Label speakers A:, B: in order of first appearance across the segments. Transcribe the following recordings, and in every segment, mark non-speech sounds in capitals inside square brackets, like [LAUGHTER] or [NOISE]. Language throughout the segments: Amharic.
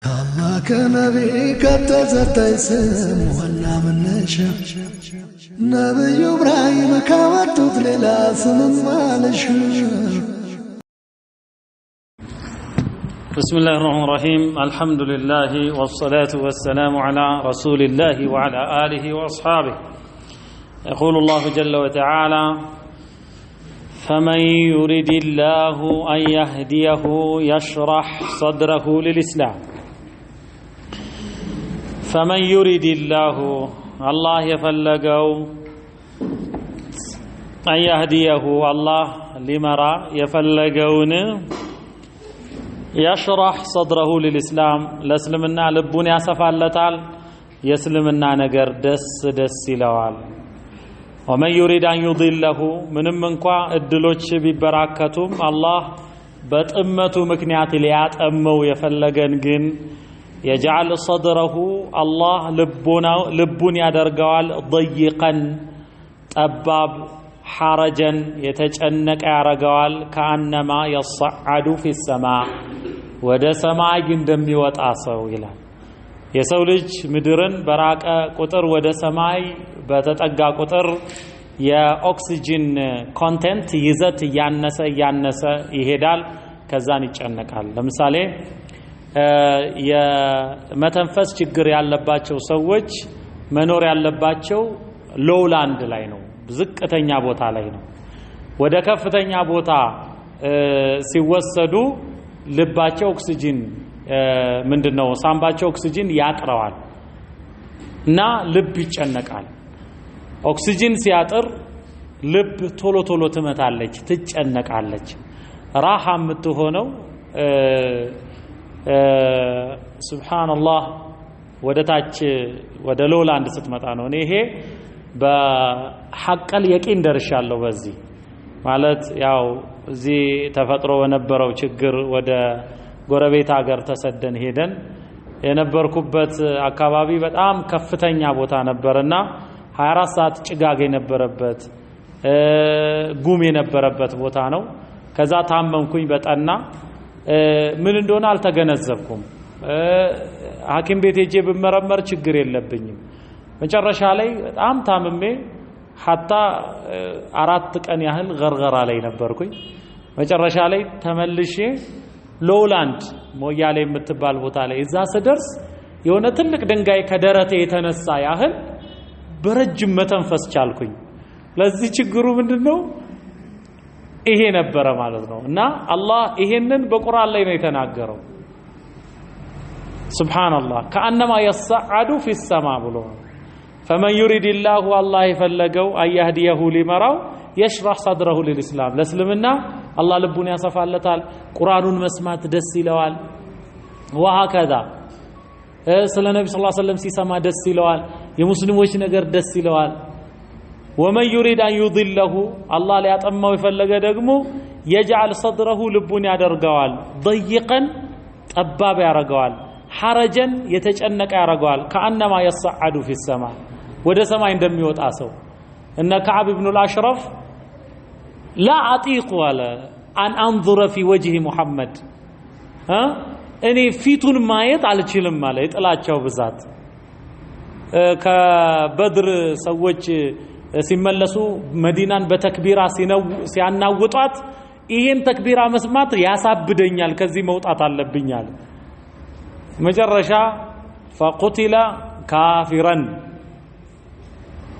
A: الله من نبي إبراهيم مالش
B: بسم الله الرحمن الرحيم الحمد لله والصلاة والسلام على رسول الله وعلى آله وأصحابه يقول الله جل وتعالى فمن يرد الله أن يهديه يشرح صدره للإسلام ፈመን ዩሪድ ላሁ አላህ የፈለገው አንያህድየሁ አላህ ሊመራ የፈለገውን የሽራህ ሰድረሁ ልልእስላም ለእስልምና ልቡን ያሰፋለታል የእስልምና ነገር ደስ ደስ ይለዋል ወመን ዩሪድ አን ዩድለሁ ምንም እንኳ እድሎች ቢበራከቱም አላህ በጥመቱ ምክንያት ሊያጠመው የፈለገን ግን የጀዓል ሰድረሁ አላህ ልቡን ያደርገዋል ደይቀን ጠባብ ሐረጀን የተጨነቀ ያደርገዋል። ከአነማ የሰዓዱ ፊ ሰማ ወደ ሰማይ እንደሚወጣ ሰው ይላል። የሰው ልጅ ምድርን በራቀ ቁጥር ወደ ሰማይ በተጠጋ ቁጥር የኦክሲጂን ኮንቴንት ይዘት እያነሰ እያነሰ ይሄዳል። ከዛን ይጨነቃል። ለምሳሌ የመተንፈስ ችግር ያለባቸው ሰዎች መኖር ያለባቸው ሎውላንድ ላይ ነው፣ ዝቅተኛ ቦታ ላይ ነው። ወደ ከፍተኛ ቦታ ሲወሰዱ ልባቸው ኦክሲጂን ምንድን ነው ሳምባቸው ኦክሲጂን ያጥረዋል እና ልብ ይጨነቃል። ኦክሲጂን ሲያጥር ልብ ቶሎ ቶሎ ትመታለች፣ ትጨነቃለች። ራሃ የምትሆነው ሱብሃንአላህ ወደ ታች ወደ ሎላንድ ስትመጣ ነው። እኔ ይሄ በሐቀል የቂን ደርሻለሁ። በዚህ ማለት ያው እዚህ ተፈጥሮ በነበረው ችግር ወደ ጎረቤት ሀገር ተሰደን ሄደን የነበርኩበት አካባቢ በጣም ከፍተኛ ቦታ ነበርና 24 ሰዓት ጭጋግ የነበረበት ጉም የነበረበት ቦታ ነው። ከዛ ታመምኩኝ በጠና ምን እንደሆነ አልተገነዘብኩም። ሐኪም ቤት ሄጄ ብመረመር ችግር የለብኝም። መጨረሻ ላይ በጣም ታምሜ ሀታ አራት ቀን ያህል ገርገራ ላይ ነበርኩኝ። መጨረሻ ላይ ተመልሼ ሎውላንድ ሞያሌ የምትባል ቦታ ላይ እዛ ስደርስ የሆነ ትልቅ ድንጋይ ከደረቴ የተነሳ ያህል በረጅም መተንፈስ ቻልኩኝ። ለዚህ ችግሩ ምንድን ነው? ይሄ ነበረ ማለት ነው። እና አላህ ይሄንን በቁርአን ላይ ነው የተናገረው። ሱብሃነላህ ከአነማ የሰዓዱ ፊ ሰማ ብሎ ፈመን ዩሪድላሁ አላህ የፈለገው አያህድየሁ ሊመራው የሽራህ ሰድረሁ ልልእስላም ለእስልምና አላህ ልቡን ያሰፋለታል። ቁርአኑን መስማት ደስ ይለዋል። ወሀከዛ ስለ ነቢ ስ ሰለም ሲሰማ ደስ ይለዋል። የሙስሊሞች ነገር ደስ ይለዋል። ومن يريد أن يضله الله لا يطمع فلقى دقمه يجعل صدره لبني أدرقوال ضيقا أباب أرقوال حرجا يتجنك أرقوال كأنما يصعد في السماء وده اندم دمي وتأسو إن كعب بن الأشرف لا أطيق ولا أن أنظر في وجه محمد ها أني فيتون طول ما يت على شيل ما ليت لا تشوف بذات كبدر سويت ሲመለሱ መዲናን በተክቢራ ሲያናውጧት ይሄን ተክቢራ መስማት ያሳብደኛል፣ ከዚህ መውጣት አለብኛል። መጨረሻ ፈቁቲለ ካፊረን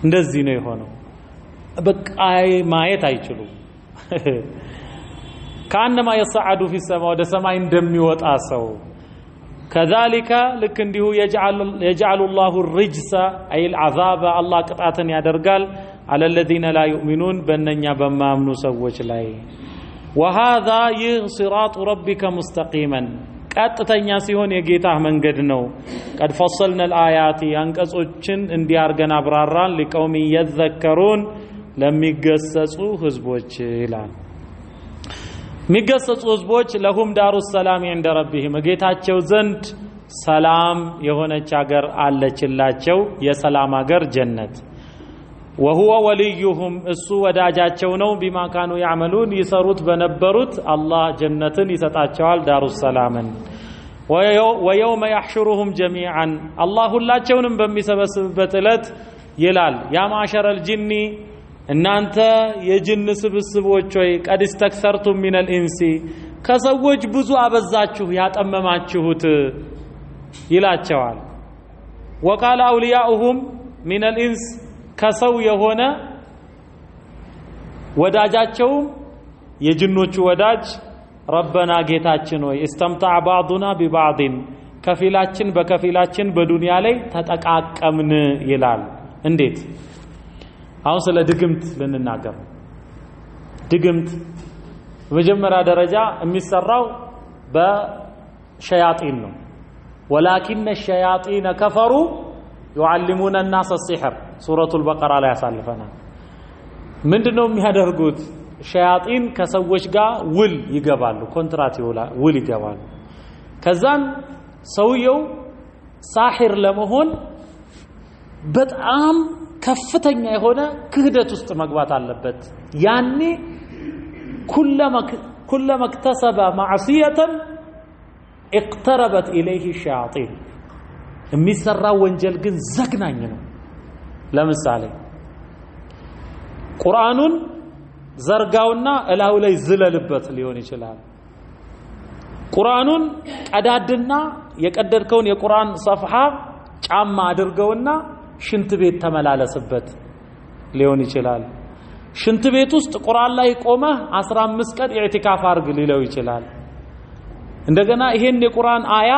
B: እንደዚህ ነው የሆነው። በቃ ማየት አይችሉም። [LAUGHS] ከአነማ የሰዓዱ ፊሰማ ወደ ሰማይ እንደሚወጣ ሰው كذلك لك እንዲሁ يجعل يجعل الله الرجس اي العذاب الله ቅጣትን يدرقال على الذين لا يؤمنون بما امنوا ሰዎች لاي وهذا ይህ صراط ربك مستقيما ቀጥተኛ ሲሆን የጌታ من ነው قد فصلنا الآيات አንቀጾችን እንዲያርገን አብራራን لقوم يذكرون ለሚገሰጹ ህዝቦች ይላል የሚገሰጹ ህዝቦች ለሁም ዳሩ ሰላም እንደ ረቢህም ጌታቸው ዘንድ ሰላም የሆነች አገር አለችላቸው የሰላም አገር ጀነት ወሁወ ወልዩሁም እሱ ወዳጃቸው ነው ቢማካኑ ያዕመሉን ይሰሩት በነበሩት አላህ ጀነትን ይሰጣቸዋል ዳሩ ሰላምን ወየውመ ያሕሽሩሁም ጀሚዓን አላህ ሁላቸውንም በሚሰበስብበት ዕለት ይላል ያ ማዕሸረል ጂኒ እናንተ የጅን ስብስቦች ሆይ ቀድ ተክሰርቱ ሚነል ኢንሲ ከሰዎች ብዙ አበዛችሁ ያጠመማችሁት ይላቸዋል። ወቃል አውልያኡሁም ሚነል ኢንስ ከሰው የሆነ ወዳጃቸውም የጅኖቹ ወዳጅ ረበና ጌታችን ሆይ እስተምታ ባዕዱና ቢባዕድን ከፊላችን በከፊላችን በዱንያ ላይ ተጠቃቀምን ይላል። እንዴት አሁን ስለ ድግምት ልንናገር ድግምት በመጀመሪያ ደረጃ የሚሰራው በሸያጢን ነው። ወላኪነ ሸያጢነ ከፈሩ ዩዓሊሙነ ናስ ሲሕር ሱረቱል በቀራ ላይ ያሳልፈናል። ምንድን ነው የሚያደርጉት? ሸያጢን ከሰዎች ጋር ውል ይገባሉ፣ ኮንትራት ውል ይገባሉ። ከዛን ሰውየው ሳሒር ለመሆን በጣም ከፍተኛ የሆነ ክህደት ውስጥ መግባት አለበት። ያኔ ኩለመ እክተሰበ ማዕስየተን እቅተረበት ኢለይህ ሸያጢን። የሚሰራው ወንጀል ግን ዘግናኝ ነው። ለምሳሌ ቁርአኑን ዘርጋውና እላዩ ላይ ዝለልበት ሊሆን ይችላል። ቁርአኑን ቀዳድና የቀደድከውን የቁርአን ሰፍሃ ጫማ አድርገውና ሽንት ቤት ተመላለስበት ሊሆን ይችላል። ሽንት ቤት ውስጥ ቁርአን ላይ ቆመህ 15 ቀን ኢዕቲካፍ አርግ ሊለው ይችላል። እንደገና ይሄን የቁርአን አያ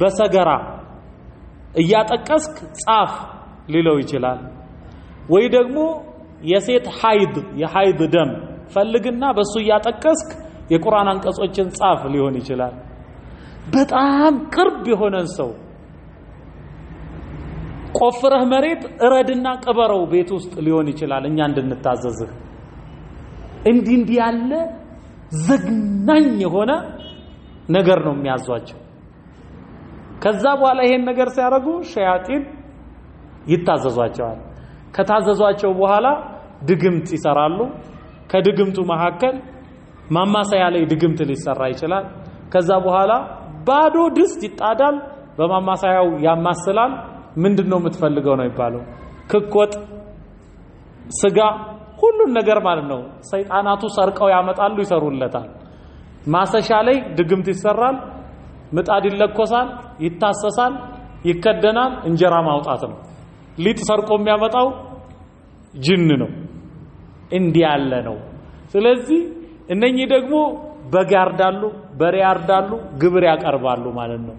B: በሰገራ እያጠቀስክ ጻፍ ሊለው ይችላል። ወይ ደግሞ የሴት ሐይድ የሐይድ ደም ፈልግና በሱ እያጠቀስክ የቁርአን አንቀጾችን ጻፍ ሊሆን ይችላል። በጣም ቅርብ የሆነን ሰው ቆፍረህ መሬት እረድና ቅበረው ቤት ውስጥ ሊሆን ይችላል እኛ እንድንታዘዝህ እንዲህ እንዲህ ያለ ዘግናኝ የሆነ ነገር ነው የሚያዟቸው ከዛ በኋላ ይሄን ነገር ሲያደርጉ ሸያጢን ይታዘዟቸዋል ከታዘዟቸው በኋላ ድግምት ይሰራሉ ከድግምቱ መካከል ማማሰያ ላይ ድግምት ሊሰራ ይችላል ከዛ በኋላ ባዶ ድስት ይጣዳል በማማሰያው ያማስላል ምንድን ነው የምትፈልገው ነው የሚባለው። ክኮጥ፣ ስጋ፣ ሁሉን ነገር ማለት ነው። ሰይጣናቱ ሰርቀው ያመጣሉ፣ ይሰሩለታል። ማሰሻ ላይ ድግምት ይሰራል፣ ምጣድ ይለኮሳል፣ ይታሰሳል፣ ይከደናል። እንጀራ ማውጣት ነው። ሊጥ ሰርቆ የሚያመጣው ጅን ነው። እንዲህ ያለ ነው። ስለዚህ እነኚህ ደግሞ በግ ያርዳሉ፣ በሬ ያርዳሉ፣ ግብር ያቀርባሉ ማለት ነው።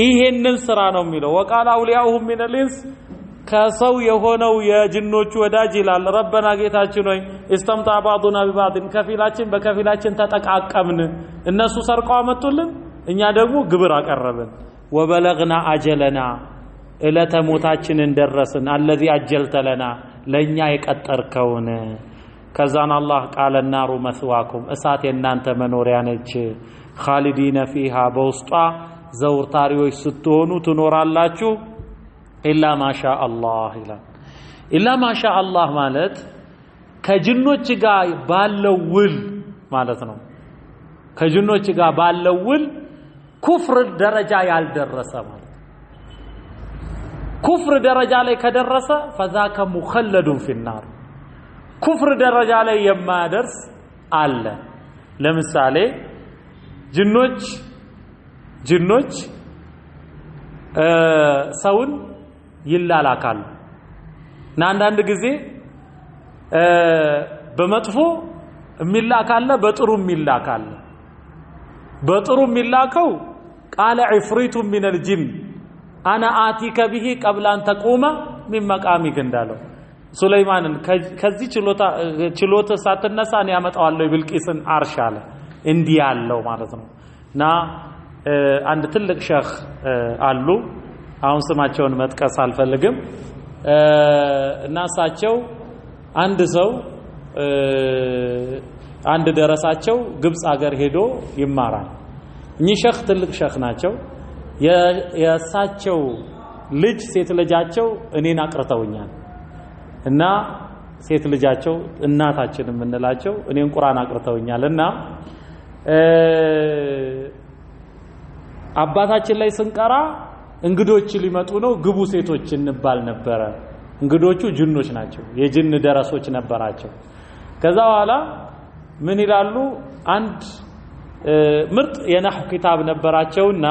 B: ይሄንን ስራ ነው የሚለው ወቃል አውሊያሁ ሚነል ከሰው የሆነው የጅኖቹ ወዳጅ ይላል ረበና ጌታችን ሆይ እስተምጣ ባዱና ቢባድን ከፊላችን በከፊላችን ተጠቃቀምን እነሱ ሰርቀው አመጡልን እኛ ደግሞ ግብር አቀረብን ወበለግና አጀለና እለተ ሞታችንን ደረስን አለዚ አጀልተለና ለእኛ የቀጠርከውን ከዛን አላህ ቃለ ናሩ መስዋኩም እሳት የእናንተ መኖሪያ ነች ኻሊዲነ ፊሃ በውስጧ ዘውርታሪዎች ስትሆኑ ትኖራላችሁ። ኢላ ማሻ አላህ ይላል። ኢላ ማሻ አላህ ማለት ከጅኖች ጋር ባለው ውል ማለት ነው። ከጅኖች ጋር ባለው ውል ኩፍር ደረጃ ያልደረሰ ማለት ኩፍር ደረጃ ላይ ከደረሰ ፈዛከ ሙኸለዱን ፊናር ኩፍር ደረጃ ላይ የማያደርስ አለ። ለምሳሌ ጅኖች ጅኖች ሰውን ይላላካሉ እና አንዳንድ ጊዜ በመጥፎ የሚላካለ በጥሩ የሚላካለ በጥሩ የሚላከው ቃለ ዕፍሪቱ ሚነል ጂን አነ አቲከ ብሂ ቀብለ አን ተቁመ ሚን መቃሚክ እንዳለው ሱለይማንን ከዚህ ችሎት ሳትነሳ እኔ ያመጣዋለሁ የብልቂስን አርሽ አለ እንዲህ ያለው ማለት ነው እና አንድ ትልቅ ሸህ አሉ። አሁን ስማቸውን መጥቀስ አልፈልግም እና እሳቸው አንድ ሰው አንድ ደረሳቸው ግብፅ አገር ሄዶ ይማራል። እኚህ ሸህ ትልቅ ሸህ ናቸው። የእሳቸው ልጅ ሴት ልጃቸው እኔን አቅርተውኛል እና ሴት ልጃቸው እናታችን የምንላቸው እኔን ቁርአን አቅርተውኛል እና አባታችን ላይ ስንቀራ እንግዶች ሊመጡ ነው ግቡ ሴቶች እንባል ነበረ። እንግዶቹ ጅኖች ናቸው፣ የጅን ደረሶች ነበራቸው። ከዛ በኋላ ምን ይላሉ? አንድ ምርጥ የናሁ ኪታብ ነበራቸውና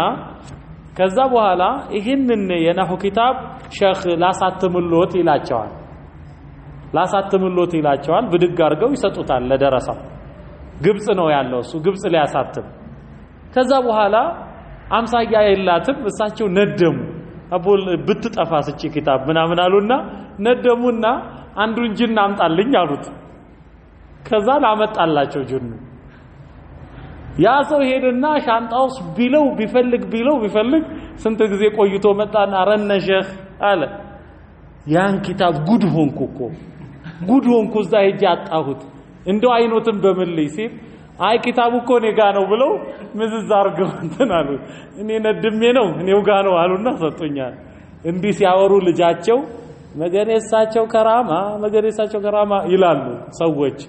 B: ከዛ በኋላ ይህንን የናሁ ኪታብ ሸህ ላሳትምሎት ይላቸዋል ላሳትምሎት ይላቸዋል። ብድግ አድርገው ይሰጡታል ለደረሳው። ግብጽ ነው ያለው እሱ ግብጽ ሊያሳትም ከዛ በኋላ አምሳያ የላትም። እሳቸው ነደሙ። አቦል ብትጠፋ ስቺ ኪታብ ምናምን አሉና ነደሙና አንዱን ጅን አምጣልኝ አሉት። ከዛ ላመጣላቸው ጅኑ ያ ሰው ሄደና ሻንጣውስ ቢለው ቢፈልግ ቢለው ቢፈልግ ስንት ጊዜ ቆይቶ መጣና አረነ ሼህ አለ ያን ኪታብ ጉድ ሆንኩ እኮ ጉድ ሆንኩ እዛ ሄጄ አጣሁት እንደው አይኖትም በምልይ ሲል አይ ኪታቡ እኮ እኔ ጋ ነው ብለው ምዝዝ አርገው [LAUGHS] እንትን አሉ። እኔ ነድሜ ነው እኔው ጋ ነው አሉና ሰጡኛል። እንዲህ ሲያወሩ ልጃቸው መገኔሳቸው ከራማ መገኔሳቸው ከራማ ይላሉ ሰዎች።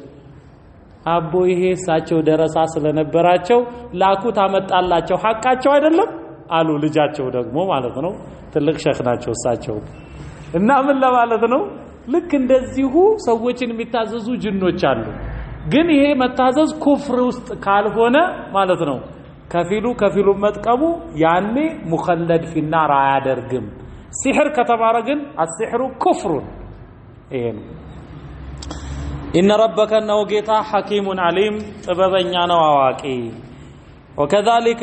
B: አቦ ይሄ እሳቸው ደረሳ ስለነበራቸው ላኩት አመጣላቸው። ሀቃቸው አይደለም አሉ ልጃቸው ደግሞ ማለት ነው። ትልቅ ሸህ ናቸው እሳቸው እና ምን ለማለት ነው ልክ እንደዚሁ ሰዎችን የሚታዘዙ ጅኖች አሉ። ግን ይሄ መታዘዝ ኩፍር ውስጥ ካልሆነ ማለት ነው። ከፊሉ ከፊሉ መጥቀሙ ያኔ ሙኸለድ ፊናር አያደርግም። ሲሕር ከተባረ ግን አሲሕሩ ኩፍሩን ይሄ ነው። ኢነ ረበከ ነው ጌታ ሐኪሙን ዓሊም ጥበበኛ ነው አዋቂ ወከዛሊከ